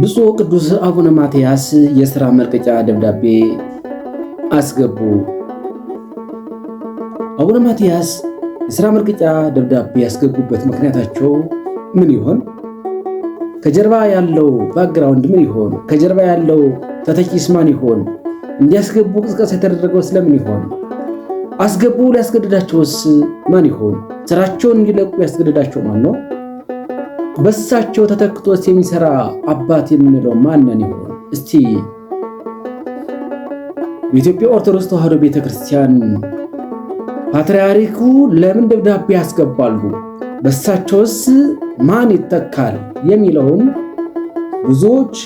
ብፁዕ ቅዱስ አቡነ ማትያስ የሥራ መልቀቂያ ደብዳቤ አስገቡ። አቡነ ማትያስ የሥራ መልቀቂያ ደብዳቤ ያስገቡበት ምክንያታቸው ምን ይሆን? ከጀርባ ያለው ባክግራውንድ ምን ይሆን? ከጀርባ ያለው ተተኪስ ማን ይሆን? እንዲያስገቡ ቅስቀሳ የተደረገው ስለምን ይሆን? አስገቡ ሊያስገድዳቸውስ ማን ይሆን? ስራቸውን እንዲለቁ ያስገድዳቸው ማን ነው? በሳቸው ተተክቶስ የሚሰራ አባት የምንለው ማንን ይሆን? እስቲ የኢትዮጵያ ኦርቶዶክስ ተዋሕዶ ቤተክርስቲያን ክርስቲያን ፓትርያርኩ ለምን ደብዳቤ ያስገባሉ? በሳቸውስ ማን ይተካል? የሚለውን ብዙዎች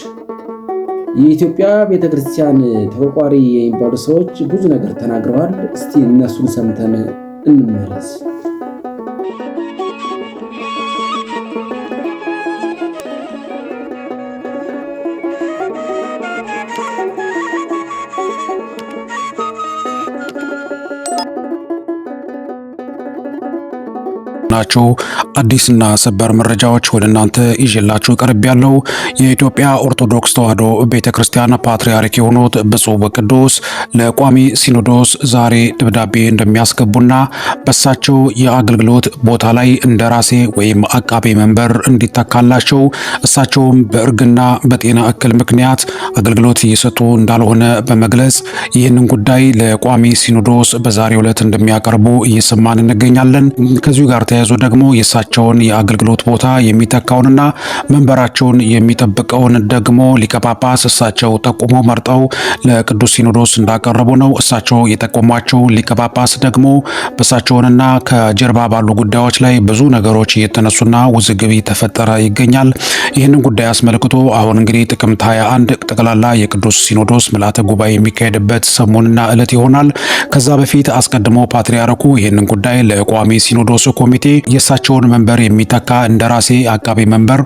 የኢትዮጵያ ቤተክርስቲያን ክርስቲያን ተቆርቋሪ የሚባሉ ሰዎች ብዙ ነገር ተናግረዋል። እስቲ እነሱን ሰምተን እንመለስ። ናቸው። አዲስና ሰበር መረጃዎች ወደ እናንተ ይዤላችሁ ቀርብ ያለው የኢትዮጵያ ኦርቶዶክስ ተዋሕዶ ቤተ ክርስቲያን ፓትርያርክ የሆኑት ብፁዕ ወቅዱስ ለቋሚ ሲኖዶስ ዛሬ ደብዳቤ እንደሚያስገቡና በሳቸው የአገልግሎት ቦታ ላይ እንደራሴ ወይም አቃቤ መንበር እንዲተካላቸው እሳቸውም በእርግና በጤና እክል ምክንያት አገልግሎት እየሰጡ እንዳልሆነ በመግለጽ ይህንን ጉዳይ ለቋሚ ሲኖዶስ በዛሬው ዕለት እንደሚያቀርቡ እየሰማን እንገኛለን። ከዚሁ ጋር በተያያዙ ደግሞ የእሳቸውን የአገልግሎት ቦታ የሚተካውንና መንበራቸውን የሚጠብቀውን ደግሞ ሊቀ ጳጳስ እሳቸው ጠቁሞ መርጠው ለቅዱስ ሲኖዶስ እንዳቀረቡ ነው። እሳቸው የጠቆሟቸው ሊቀጳጳስ ደግሞ በእሳቸውንና ከጀርባ ባሉ ጉዳዮች ላይ ብዙ ነገሮች እየተነሱና ውዝግብ እየተፈጠረ ይገኛል። ይህንን ጉዳይ አስመልክቶ አሁን እንግዲህ ጥቅምት 21 ጠቅላላ የቅዱስ ሲኖዶስ ምልዓተ ጉባኤ የሚካሄድበት ሰሞንና ዕለት ይሆናል። ከዛ በፊት አስቀድሞ ፓትርያርኩ ይህንን ጉዳይ ለቋሚ ሲኖዶስ ኮሚቴ የእሳቸውን መንበር የሚተካ እንደ ራሴ አቃቤ መንበር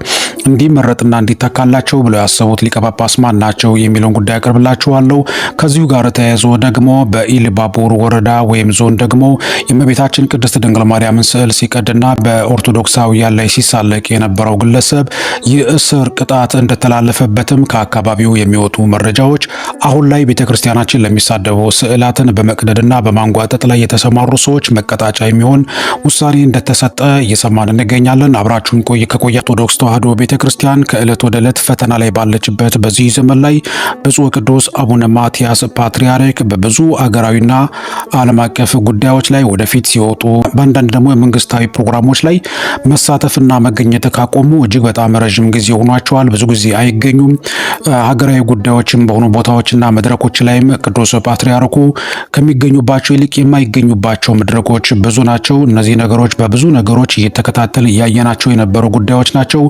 እንዲመረጥና እንዲተካላቸው ብለው ያሰቡት ሊቀጳጳስ ጳጳስ ማን ናቸው የሚለውን ጉዳይ አቅርብላችኋለሁ። ከዚሁ ጋር ተያይዞ ደግሞ በኢሉባቡር ወረዳ ወይም ዞን ደግሞ የእመቤታችን ቅድስት ድንግል ማርያምን ስዕል ሲቀድና በኦርቶዶክሳውያን ላይ ሲሳለቅ የነበረው ግለሰብ የእስር ቅጣት እንደተላለፈበትም ከአካባቢው የሚወጡ መረጃዎች አሁን ላይ ቤተ ክርስቲያናችን ለሚሳደቡ ስዕላትን በመቅደድና በማንጓጠጥ ላይ የተሰማሩ ሰዎች መቀጣጫ የሚሆን ውሳኔ እንደተ እንደተሰጠ እየሰማን እንገኛለን። አብራችሁን ቆይ ከቆየ ኦርቶዶክስ ተዋሕዶ ቤተ ክርስቲያን ከዕለት ወደ ዕለት ፈተና ላይ ባለችበት በዚህ ዘመን ላይ ብፁዕ ቅዱስ አቡነ ማትያስ ፓትርያርክ በብዙ አገራዊና ዓለም አቀፍ ጉዳዮች ላይ ወደፊት ሲወጡ በአንዳንድ ደግሞ የመንግስታዊ ፕሮግራሞች ላይ መሳተፍና መገኘት ካቆሙ እጅግ በጣም ረዥም ጊዜ ሆኗቸዋል። ብዙ ጊዜ አይገኙም። ሀገራዊ ጉዳዮችም በሆኑ ቦታዎችና መድረኮች ላይም ቅዱስ ፓትርያርኩ ከሚገኙባቸው ይልቅ የማይገኙባቸው መድረኮች ብዙ ናቸው። እነዚህ ነገሮች በብዙ ብዙ ነገሮች እየተከታተል እያየናቸው የነበሩ ጉዳዮች ናቸው።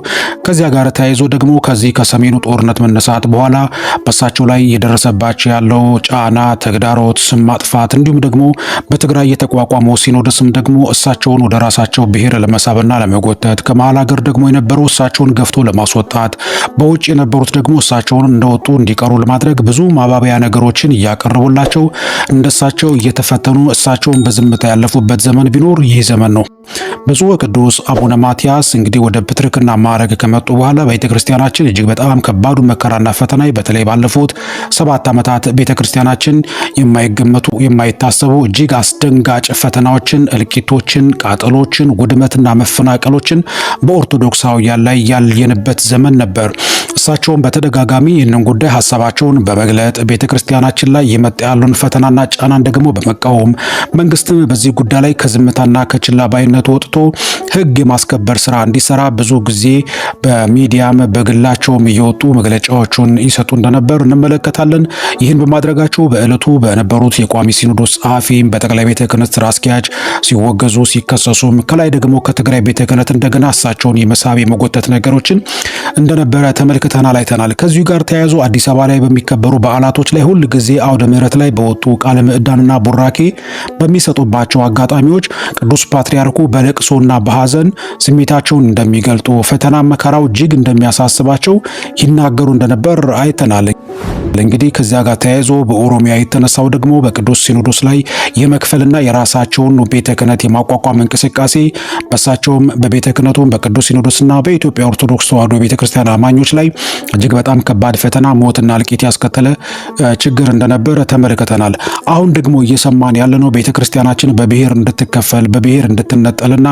ከዚያ ጋር ተያይዞ ደግሞ ከዚህ ከሰሜኑ ጦርነት መነሳት በኋላ በሳቸው ላይ የደረሰባቸው ያለው ጫና፣ ተግዳሮት፣ ስም ማጥፋት እንዲሁም ደግሞ በትግራይ የተቋቋመው ሲኖዶስም ደግሞ እሳቸውን ወደ ራሳቸው ብሔር ለመሳብና ለመጎተት ከመሀል ሀገር ደግሞ የነበሩ እሳቸውን ገፍቶ ለማስወጣት በውጭ የነበሩት ደግሞ እሳቸውን እንደወጡ እንዲቀሩ ለማድረግ ብዙ ማባበያ ነገሮችን እያቀረቡላቸው እንደሳቸው እየተፈተኑ እሳቸውን በዝምታ ያለፉበት ዘመን ቢኖር ይህ ዘመን ነው። ብፁዕ ቅዱስ አቡነ ማትያስ እንግዲህ ወደ ፕትርክና ማዕረግ ከመጡ በኋላ ቤተ ክርስቲያናችን እጅግ በጣም ከባዱ መከራና ፈተና በተለይ ባለፉት ሰባት ዓመታት ቤተ ክርስቲያናችን የማይገመቱ የማይታሰቡ እጅግ አስደንጋጭ ፈተናዎችን፣ እልቂቶችን፣ ቃጠሎችን፣ ውድመትና መፈናቀሎችን በኦርቶዶክሳውያን ላይ ያልየንበት ዘመን ነበር። እሳቸውም በተደጋጋሚ ይህንን ጉዳይ ሀሳባቸውን በመግለጥ ቤተ ክርስቲያናችን ላይ የመጣ ያሉን ፈተናና ጫናን ደግሞ በመቃወም መንግስትም በዚህ ጉዳይ ላይ ከዝምታና ከችላ ባይነት ወጥቶ ህግ የማስከበር ስራ እንዲሰራ ብዙ ጊዜ በሚዲያም በግላቸውም እየወጡ መግለጫዎቹን ይሰጡ እንደነበር እንመለከታለን። ይህን በማድረጋቸው በእለቱ በነበሩት የቋሚ ሲኖዶስ ጸሐፊም በጠቅላይ ቤተ ክህነት ስራ አስኪያጅ ሲወገዙ ሲከሰሱም ከላይ ደግሞ ከትግራይ ቤተ ክህነት እንደገና እሳቸውን የመሳብ የመጎተት ነገሮችን እንደነበረ ተመልክተ አይተናል አይተናል። ከዚሁ ጋር ተያይዞ አዲስ አበባ ላይ በሚከበሩ በዓላቶች ላይ ሁል ጊዜ አውደ ምሕረት ላይ በወጡ ቃለ ምዕዳንና ቡራኬ በሚሰጡባቸው አጋጣሚዎች ቅዱስ ፓትርያርኩ በለቅሶና በሐዘን ስሜታቸውን እንደሚገልጡ፣ ፈተና መከራው እጅግ እንደሚያሳስባቸው ይናገሩ እንደነበር አይተናል። እንግዲህ ከዚያ ጋር ተያይዞ በኦሮሚያ የተነሳው ደግሞ በቅዱስ ሲኖዶስ ላይ የመክፈልና የራሳቸውን ቤተ ክህነት የማቋቋም እንቅስቃሴ በሳቸውም በቤተ ክህነቱም በቅዱስ ሲኖዶስና በኢትዮጵያ ኦርቶዶክስ ተዋሕዶ ቤተ ክርስቲያን አማኞች ላይ እጅግ በጣም ከባድ ፈተና፣ ሞትና እልቂት ያስከተለ ችግር እንደነበረ ተመልክተናል። አሁን ደግሞ እየሰማን ያለነው ቤተ ክርስቲያናችን በብሔር እንድትከፈል በብሔር እንድትነጠልና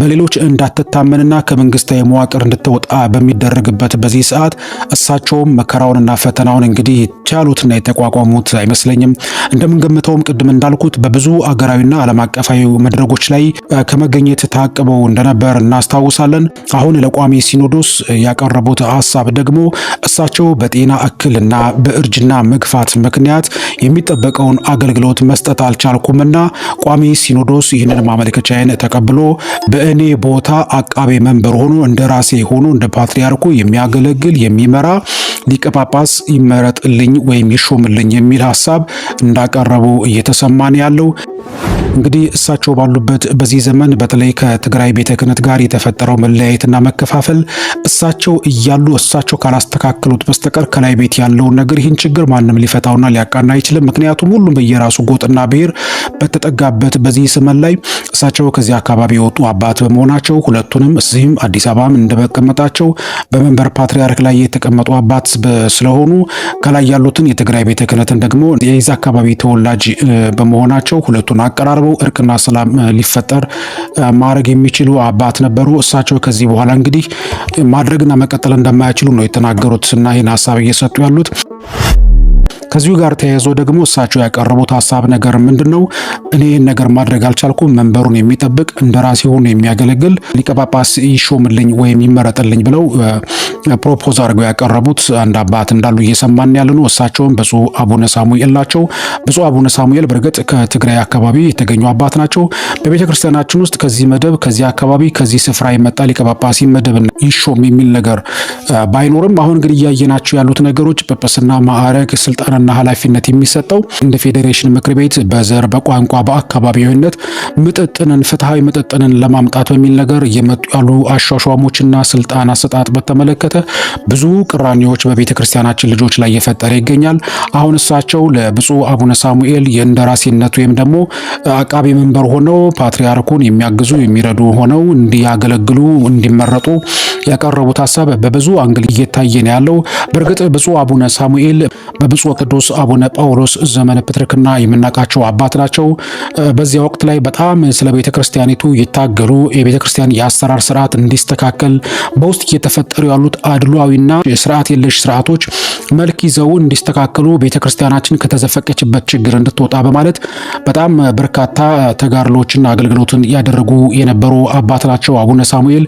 በሌሎች እንዳትታመንና ከመንግስታዊ መዋቅር እንድትወጣ በሚደረግበት በዚህ ሰዓት እሳቸውም መከራውንና ፈተናውን እንግዲህ ቻሉትና የተቋቋሙት አይመስለኝም። እንደምንገምተውም ቅድም እንዳልኩት በብዙ አገራዊና ዓለም አቀፋዊ መድረጎች ላይ ከመገኘት ታቅበው እንደነበር እናስታውሳለን። አሁን ለቋሚ ሲኖዶስ ያቀረቡት ሀሳብ ደግሞ ደግሞ እሳቸው በጤና እክልና በእርጅና መግፋት ምክንያት የሚጠበቀውን አገልግሎት መስጠት አልቻልኩምና ቋሚ ሲኖዶስ ይህንን ማመልከቻዬን ተቀብሎ በእኔ ቦታ አቃቤ መንበር ሆኖ እንደ ራሴ ሆኖ እንደ ፓትርያርኩ የሚያገለግል የሚመራ ሊቀ ጳጳስ ይመረጥልኝ ወይም ይሾምልኝ የሚል ሀሳብ እንዳቀረቡ እየተሰማን ያለው እንግዲህ እሳቸው ባሉበት በዚህ ዘመን በተለይ ከትግራይ ቤተ ክህነት ጋር የተፈጠረው መለያየትና መከፋፈል እሳቸው እያሉ እሳቸው ራሳቸው ካላስተካከሉት በስተቀር ከላይ ቤት ያለውን ነገር ይህን ችግር ማንም ሊፈታውና ሊያቃና አይችልም። ምክንያቱም ሁሉም በየራሱ ጎጥና ብሔር በተጠጋበት በዚህ ስመን ላይ እሳቸው ከዚህ አካባቢ የወጡ አባት በመሆናቸው ሁለቱንም እዚህም አዲስ አበባም እንደመቀመጣቸው በመንበር ፓትሪያርክ ላይ የተቀመጡ አባት ስለሆኑ ከላይ ያሉትን የትግራይ ቤተ ክህነትን ደግሞ የዚ አካባቢ ተወላጅ በመሆናቸው ሁለቱን አቀራርበው እርቅና ሰላም ሊፈጠር ማድረግ የሚችሉ አባት ነበሩ። እሳቸው ከዚህ በኋላ እንግዲህ ማድረግና መቀጠል እንደማያችሉ ነው የተናገሩት እና ይህን ሀሳብ እየሰጡ ያሉት። ከዚሁ ጋር ተያይዞ ደግሞ እሳቸው ያቀረቡት ሀሳብ ነገር ምንድን ነው? እኔ ይህን ነገር ማድረግ አልቻልኩም፣ መንበሩን የሚጠብቅ እንደራሴ ሆኖ የሚያገለግል ሊቀ ጳጳስ ይሾምልኝ ወይም ይመረጥልኝ ብለው ፕሮፖዝ አድርገው ያቀረቡት አንድ አባት እንዳሉ እየሰማን ያለ ነው። እሳቸውም ብፁዕ አቡነ ሳሙኤል ናቸው። ብፁዕ አቡነ ሳሙኤል በእርግጥ ከትግራይ አካባቢ የተገኙ አባት ናቸው። በቤተ ክርስቲያናችን ውስጥ ከዚህ መደብ፣ ከዚህ አካባቢ፣ ከዚህ ስፍራ ይመጣል ሊቀ ጳጳስ ይሾም የሚል ነገር ባይኖርም አሁን ግን እያየናቸው ያሉት ነገሮች ጵጵስና ማዕረግ፣ ስልጣንና ኃላፊነት የሚሰጠው እንደ ፌዴሬሽን ምክር ቤት በዘር በቋንቋ በአካባቢዊነት ምጥጥንን ፍትሐዊ ምጥጥንን ለማምጣት በሚል ነገር እየመጡ ያሉ አሿሿሞችና ስልጣን አሰጣጥ በተመለከተ ብዙ ቅራኔዎች በቤተ ክርስቲያናችን ልጆች ላይ እየፈጠረ ይገኛል። አሁን እሳቸው ለብፁዕ አቡነ ሳሙኤል የእንደራሴነት ወይም ደግሞ አቃቢ መንበር ሆነው ፓትርያርኩን የሚያግዙ የሚረዱ ሆነው እንዲያገለግሉ እንዲመረጡ ያቀረቡት ሀሳብ በብዙ አንግል እየታየ ነው ያለው። በእርግጥ ብፁዕ አቡነ ሳሙኤል በብፁዕ ቅዱስ አቡነ ጳውሎስ ዘመነ ፕትርክና የምናውቃቸው አባት ናቸው። በዚያ ወቅት ላይ በጣም ስለ ቤተ ክርስቲያኒቱ ይታገሉ፣ የቤተ ክርስቲያን የአሰራር ስርዓት እንዲስተካከል በውስጥ እየተፈጠሩ ያሉት አድሏዊና የስርዓት የለሽ ስርዓቶች መልክ ይዘው እንዲስተካከሉ ቤተ ክርስቲያናችን ከተዘፈቀችበት ችግር እንድትወጣ በማለት በጣም በርካታ ተጋድሎችና አገልግሎትን ያደረጉ የነበሩ አባት ናቸው አቡነ ሳሙኤል።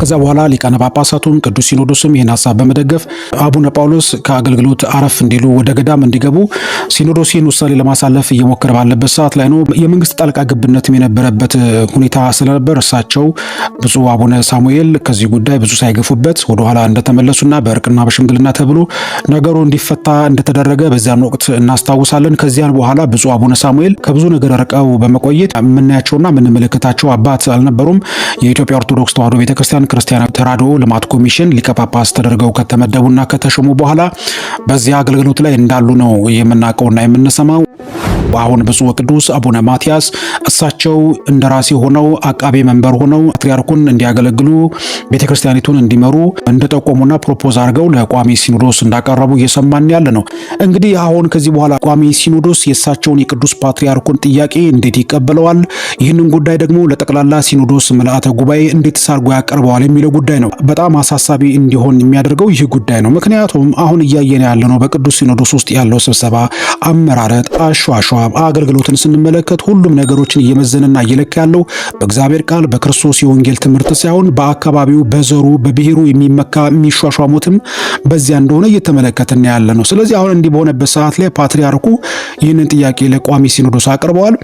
ከዛ በኋላ ሊቃነ ጳጳሳቱም ቅዱስ ሲኖዶስም ይህን ሀሳብ በመደገፍ አቡነ ጳውሎስ ከአገልግሎት አረፍ እንዲሉ ወደ ገዳም እንዲገቡ ሲኖዶስ ይህን ውሳኔ ለማሳለፍ እየሞከረ ባለበት ሰዓት ላይ ነው። የመንግስት ጣልቃ ግብነትም የነበረበት ሁኔታ ስለነበር እሳቸው ብፁዕ አቡነ ሳሙኤል ከዚህ ጉዳይ ብዙ ሳይገፉበት ወደ በኋላ እንደተመለሱና በእርቅና በሽምግልና ተብሎ ነገሩ እንዲፈታ እንደተደረገ በዚያን ወቅት እናስታውሳለን። ከዚያን በኋላ ብፁዕ አቡነ ሳሙኤል ከብዙ ነገር ርቀው በመቆየት የምናያቸውና የምንመለከታቸው አባት አልነበሩም። የኢትዮጵያ ኦርቶዶክስ ተዋሕዶ ቤተክርስቲያን ክርስቲያናዊ ተራድኦ ልማት ኮሚሽን ሊቀ ጳጳስ ተደርገው ከተመደቡና ከተሾሙ በኋላ በዚያ አገልግሎት ላይ እንዳሉ ነው የምናውቀውና የምንሰማው። በአሁን ብፁዕ ቅዱስ አቡነ ማትያስ እሳቸው እንደራሴ ሆነው አቃቤ መንበር ሆነው ፓትርያርኩን እንዲያገለግሉ ቤተክርስቲያኒቱን እንዲመሩ እንደጠቆሙና ፕሮፖዝ አድርገው ለቋሚ ሲኖዶስ እንዳቀረቡ እየሰማን ያለ ነው። እንግዲህ አሁን ከዚህ በኋላ ቋሚ ሲኖዶስ የእሳቸውን የቅዱስ ፓትርያርኩን ጥያቄ እንዴት ይቀበለዋል? ይህንን ጉዳይ ደግሞ ለጠቅላላ ሲኖዶስ ምልአተ ጉባኤ እንዴት ሳርጎ ያቀርበዋል የሚለው ጉዳይ ነው። በጣም አሳሳቢ እንዲሆን የሚያደርገው ይህ ጉዳይ ነው። ምክንያቱም አሁን እያየን ያለ ነው በቅዱስ ሲኖዶስ ውስጥ ያለው ስብሰባ አመራረጥ አሿሿ አገልግሎትን ስንመለከት ሁሉም ነገሮችን እየመዘነና እየለካ ያለው በእግዚአብሔር ቃል በክርስቶስ የወንጌል ትምህርት ሳይሆን በአካባቢው በዘሩ በብሔሩ የሚመካ የሚሿሿሙትም በዚያ እንደሆነ እየተመለከትን ያለ ነው። ስለዚህ አሁን እንዲህ በሆነበት ሰዓት ላይ ፓትርያርኩ ይህንን ጥያቄ ለቋሚ ሲኖዶስ አቅርበዋል።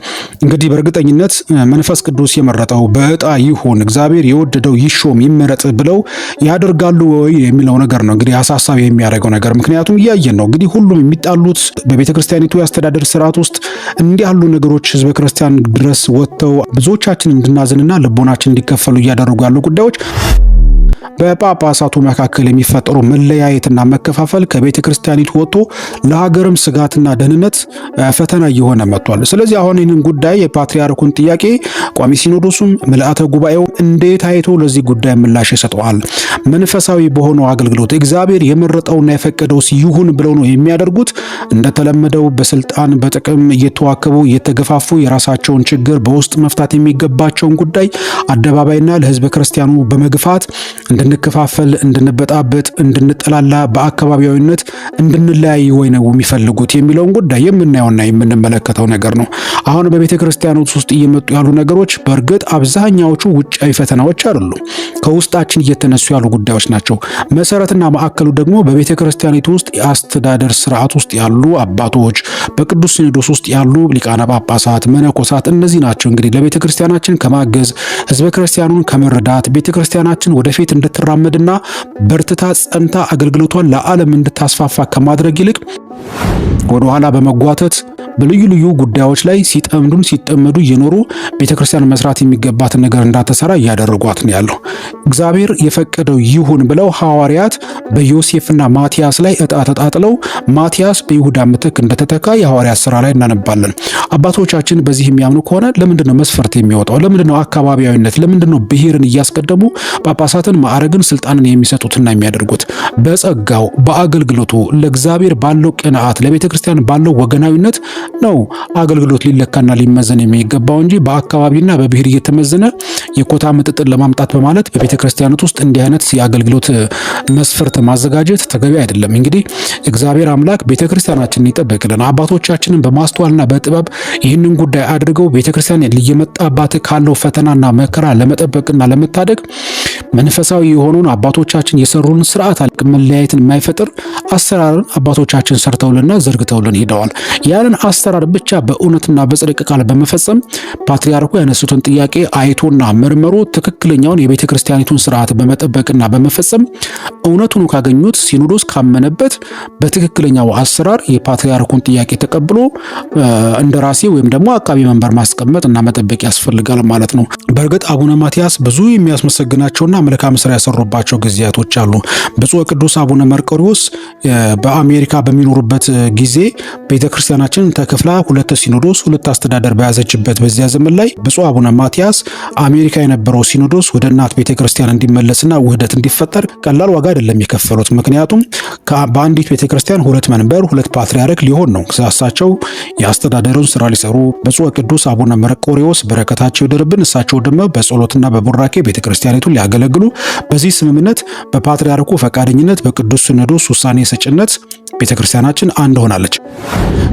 እንግዲህ በእርግጠኝነት መንፈስ ቅዱስ የመረጠው በእጣ ይሁን እግዚአብሔር የወደደው ይሾም ይመረጥ ብለው ያደርጋሉ ወይ የሚለው ነገር ነው እንግዲህ አሳሳቢ የሚያደርገው ነገር። ምክንያቱም እያየን ነው እንግዲህ ሁሉም የሚጣሉት በቤተክርስቲያኒቱ የአስተዳደር ስርዓት ውስጥ እንዲህ ያሉ ነገሮች ህዝበ ክርስቲያን ድረስ ወጥተው ብዙዎቻችን እንድናዝንና ልቦናችን እንዲከፈሉ እያደረጉ ያሉ ጉዳዮች በጳጳሳቱ መካከል የሚፈጠሩ መለያየትና መከፋፈል ከቤተ ክርስቲያኒቱ ወጥቶ ለሀገርም ስጋትና ደህንነት ፈተና እየሆነ መጥቷል። ስለዚህ አሁን ይህንን ጉዳይ የፓትርያርኩን ጥያቄ ቋሚ ሲኖዶሱም ምልአተ ጉባኤው እንዴት አይቶ ለዚህ ጉዳይ ምላሽ ይሰጠዋል? መንፈሳዊ በሆነው አገልግሎት እግዚአብሔር የመረጠውና የፈቀደው ይሁን ብለው ነው የሚያደርጉት? እንደተለመደው በስልጣን በጥቅም እየተዋከቡ እየተገፋፉ የራሳቸውን ችግር በውስጥ መፍታት የሚገባቸውን ጉዳይ አደባባይና ለህዝበ ክርስቲያኑ በመግፋት እንድንከፋፈል፣ እንድንበጣበጥ፣ እንድንጠላላ፣ በአካባቢያዊነት እንድንለያይ ወይ ነው የሚፈልጉት የሚለውን ጉዳይ የምናየውና የምንመለከተው ነገር ነው። አሁን በቤተ ክርስቲያኖች ውስጥ እየመጡ ያሉ ነገሮች በእርግጥ አብዛኛዎቹ ውጫዊ ፈተናዎች አይደሉም፣ ከውስጣችን እየተነሱ ያሉ ጉዳዮች ናቸው። መሰረትና ማዕከሉ ደግሞ በቤተ ክርስቲያኒቱ ውስጥ የአስተዳደር ስርዓት ውስጥ ያሉ አባቶች፣ በቅዱስ ሲኖዶስ ውስጥ ያሉ ሊቃነ ጳጳሳት፣ መነኮሳት እነዚህ ናቸው። እንግዲህ ለቤተ ክርስቲያናችን ከማገዝ ህዝበ ክርስቲያኑን ከመረዳት ቤተ ክርስቲያናችን ወደፊት እንድትራመድና በርትታ ጸንታ አገልግሎቷን ለዓለም እንድታስፋፋ ከማድረግ ይልቅ ወደ ኋላ በመጓተት በልዩ ልዩ ጉዳዮች ላይ ሲጠምዱም ሲጠመዱ እየኖሩ ቤተክርስቲያን መስራት የሚገባትን ነገር እንዳትሰራ እያደረጓት ነው ያለው። እግዚአብሔር የፈቀደው ይሁን ብለው ሐዋርያት በዮሴፍና ማቲያስ ላይ እጣ ተጣጥለው ማቲያስ በይሁዳ ምትክ እንደተተካ የሐዋርያት ስራ ላይ እናነባለን። አባቶቻችን በዚህ የሚያምኑ ከሆነ ለምንድን ነው መስፈርት የሚወጣው? ለምንድን ነው አካባቢያዊነት? ለምንድን ነው ብሔርን እያስቀደሙ ጳጳሳትን ማዕረግን፣ ስልጣንን የሚሰጡትና የሚያደርጉት? በጸጋው በአገልግሎቱ ለእግዚአብሔር ባለው ቅንዓት ለቤተክርስቲያን ባለው ወገናዊነት ነው አገልግሎት ሊለካና ሊመዘን የሚገባው እንጂ በአካባቢና በብሔር እየተመዘነ የኮታ ምጥጥን ለማምጣት በማለት በቤተ ክርስቲያናት ውስጥ እንዲህ አይነት የአገልግሎት መስፈርት ማዘጋጀት ተገቢ አይደለም። እንግዲህ እግዚአብሔር አምላክ ቤተ ክርስቲያናችንን ይጠብቅልን። አባቶቻችንን በማስተዋልና በጥበብ ይህንን ጉዳይ አድርገው ቤተ ክርስቲያን ሊየመጣባት ካለው ፈተናና መከራ ለመጠበቅና ለመታደግ መንፈሳዊ የሆኑን አባቶቻችን የሰሩን ስርዓት መለያየትን የማይፈጥር አሰራርን አባቶቻችን ሰርተውልና ዘርግተውልን ሄደዋል። ያንን አሰራር ብቻ በእውነትና በጽድቅ ቃል በመፈጸም ፓትርያርኩ ያነሱትን ጥያቄ አይቶና መርምሮ ትክክለኛውን የቤተ ክርስቲያኒቱን ስርዓት በመጠበቅና በመፈጸም እውነቱን ካገኙት ሲኖዶስ ካመነበት በትክክለኛው አሰራር የፓትርያርኩን ጥያቄ ተቀብሎ እንደራሴ ወይም ደግሞ አቃቢ መንበር ማስቀመጥ እና መጠበቅ ያስፈልጋል ማለት ነው። በእርግጥ አቡነ ማትያስ ብዙ የሚያስመሰግናቸውና መልካም ስራ ያሰሩባቸው ጊዜያቶች አሉ። ብፁዕ ቅዱስ አቡነ መርቆሪዎስ በአሜሪካ በሚኖሩበት ጊዜ ቤተክርስቲያናችን ተከፍላ ሁለት ሲኖዶስ ሁለት አስተዳደር በያዘችበት በዚያ ዘመን ላይ ብፁዕ አቡነ ማትያስ አሜሪካ የነበረው ሲኖዶስ ወደ እናት ቤተ ክርስቲያን እንዲመለስና ውህደት እንዲፈጠር ቀላል ዋጋ አይደለም የከፈሉት። ምክንያቱም በአንዲት ቤተ ክርስቲያን ሁለት መንበር፣ ሁለት ፓትሪያርክ ሊሆን ነው። እሳቸው የአስተዳደሩን ስራ ሊሰሩ ብፁዕ ቅዱስ አቡነ መርቆሬዎስ በረከታቸው ይደርብን፣ እሳቸው ደግሞ በጸሎትና በቡራኬ ቤተ ክርስቲያኒቱ ሊያገለግሉ በዚህ ስምምነት በፓትሪያርኩ ፈቃደኝነት በቅዱስ ሲኖዶስ ውሳኔ ሰጭነት ቤተ ክርስቲያናችን አንድ ሆናለች።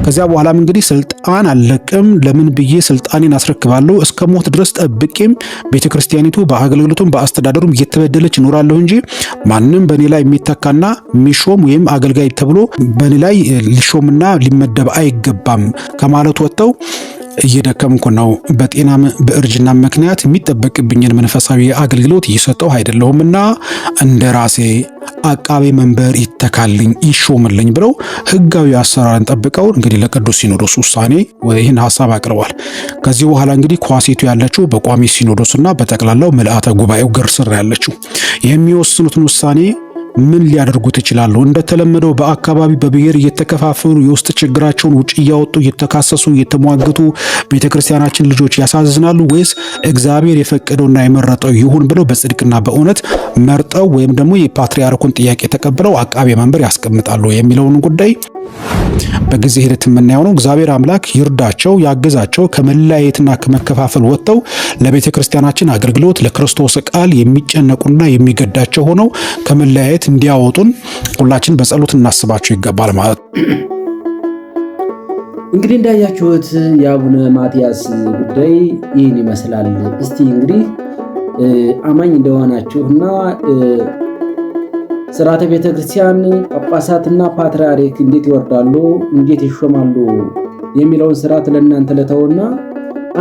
ከዚያ በኋላም እንግዲህ ስልጣን አልለቅም፣ ለምን ብዬ ስልጣኔን አስረክባለሁ፣ እስከ ሞት ድረስ ጠብቄም ቤተ ክርስቲያኒቱ በአገልግሎቱም በአስተዳደሩም እየተበደለች እኖራለሁ እንጂ ማንም በእኔ ላይ የሚተካና የሚሾም ወይም አገልጋይ ተብሎ በእኔ ላይ ሊሾምና ሊመደብ አይገባም ከማለት ወጥተው እየደከምኩ ነው፣ በጤናም በእርጅና ምክንያት የሚጠበቅብኝን መንፈሳዊ አገልግሎት እየሰጠሁ አይደለሁምና እንደ ራሴ አቃቤ መንበር ይተካልኝ ይሾምልኝ ብለው ህጋዊ አሰራርን ጠብቀው እንግዲህ ለቅዱስ ሲኖዶስ ውሳኔ ይህን ሀሳብ አቅርቧል። ከዚህ በኋላ እንግዲህ ኳሴቱ ያለችው በቋሚ ሲኖዶስና በጠቅላላው ምልአተ ጉባኤው ግርስር ያለችው የሚወስኑትን ውሳኔ ምን ሊያደርጉት ይችላሉ? እንደተለመደው በአካባቢ በብሔር እየተከፋፈሉ የውስጥ ችግራቸውን ውጭ እያወጡ እየተካሰሱ እየተሟገቱ ቤተክርስቲያናችን ልጆች ያሳዝናሉ ወይስ እግዚአብሔር የፈቀደውና የመረጠው ይሁን ብለው በጽድቅና በእውነት መርጠው ወይም ደግሞ የፓትርያርኩን ጥያቄ ተቀብለው አቃቤ መንበር ያስቀምጣሉ የሚለውን ጉዳይ በጊዜ ሂደት የምናየው ነው። እግዚአብሔር አምላክ ይርዳቸው፣ ያገዛቸው ከመለያየትና ከመከፋፈል ወጥተው ለቤተክርስቲያናችን አገልግሎት ለክርስቶስ ቃል የሚጨነቁና የሚገዳቸው ሆነው ከመለያየት ከመሬት እንዲያወጡን ሁላችን በጸሎት እናስባቸው ይገባል ማለት እንግዲህ እንዳያችሁት የአቡነ ማትያስ ጉዳይ ይህን ይመስላል። እስቲ እንግዲህ አማኝ እንደሆናችሁና እና ስርዓተ ቤተክርስቲያን ጳጳሳትና ፓትርያርክ እንዴት ይወርዳሉ፣ እንዴት ይሾማሉ የሚለውን ስርዓት ለእናንተ ለተውና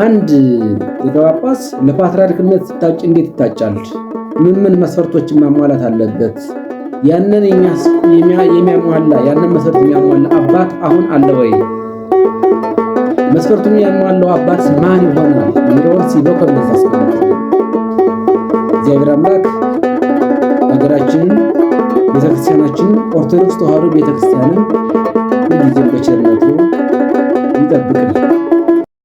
አንድ ሊቀ ጳጳስ ለፓትርያርክነት ሲታጭ እንዴት ይታጫል? ምን ምን መስፈርቶችን ማሟላት አለበት? ያንን የሚያሟላ ያንን መስፈርት የሚያሟላ አባት አሁን አለ ወይ? መስፈርቱን የሚያሟላው አባት ማን ይሆናል የሚለውን ሲበኮር መንፈስ እግዚአብሔር አምላክ ሀገራችንን ቤተክርስቲያናችንን ኦርቶዶክስ ተዋህዶ ቤተክርስቲያንን ሁልጊዜ በቸርነቱ ይጠብቅልን።